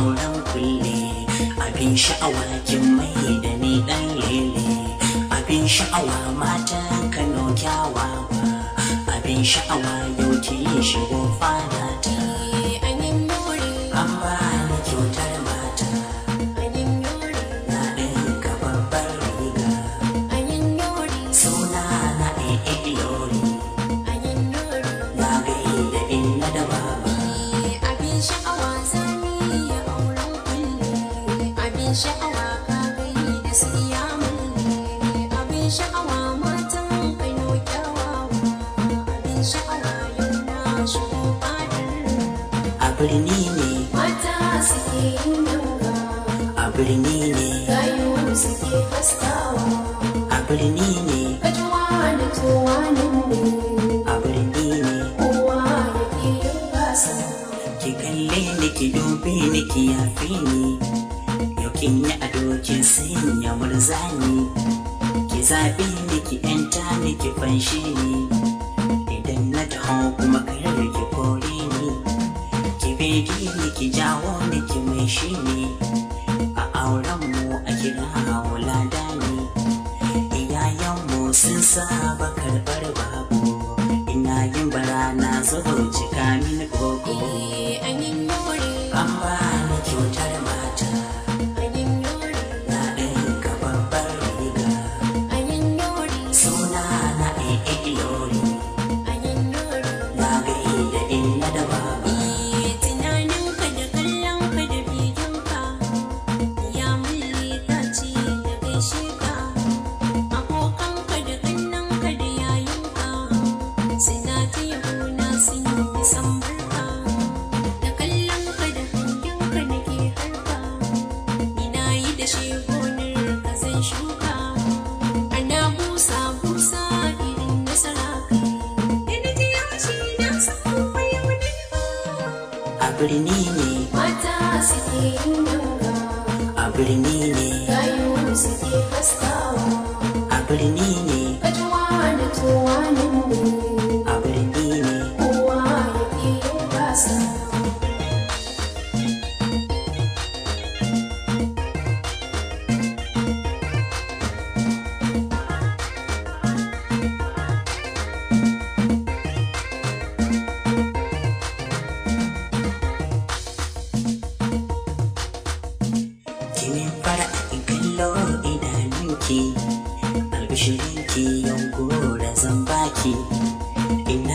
auren kulle abin sha'awa kin mai da ni dan lele abin sha'awa mata kano kyawawa abin sha'awa yau ki shigo fadata birni ne mata suke yin a birni ne suke a birni ne kajuwa da ne a birni ne kowa ya ke ki kalle ni ki dube ni ki yafi ni ni yi ado sanya ni ki zaɓi ni ki ƴanta ni ki fanshi ni idan na taho kuma kar ki kori mai gini ni kimeshini ne a auren birni ne mata suke yin a birni ne gayu suke a birni ne da tuwanin ne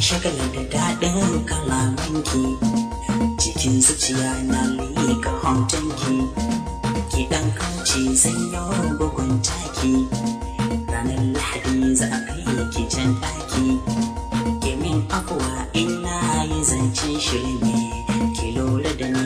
shagala da daɗin kalamanki cikin zuciya na liƙa hotonki ki ɗan kanci sanyo bugun taki ranar lahadi za a kai ki ɗaki ke min afuwa in na yi zancen shirme ki lura da ni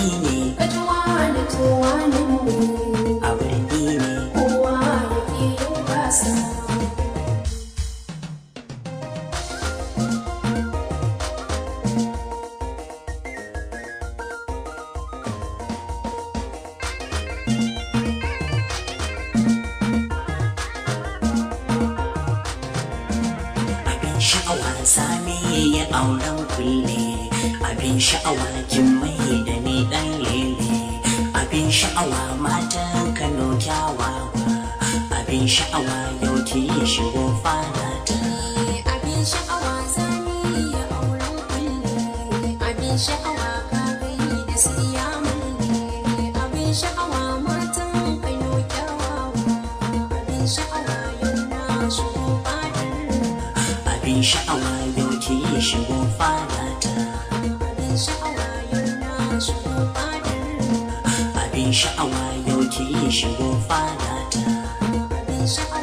auren kulle abin sha'awa Jummai da ni dan lele abin sha'awa matan kano kyawa abin sha'awa yau ki shigo fara ta abin sha'awa zani ya auren kulle abin sha'awa ka gani da siya abin sha'awa matan abin sha'awa yau abin sha'awa shigo fadata abin sha'awa abin shigo fadata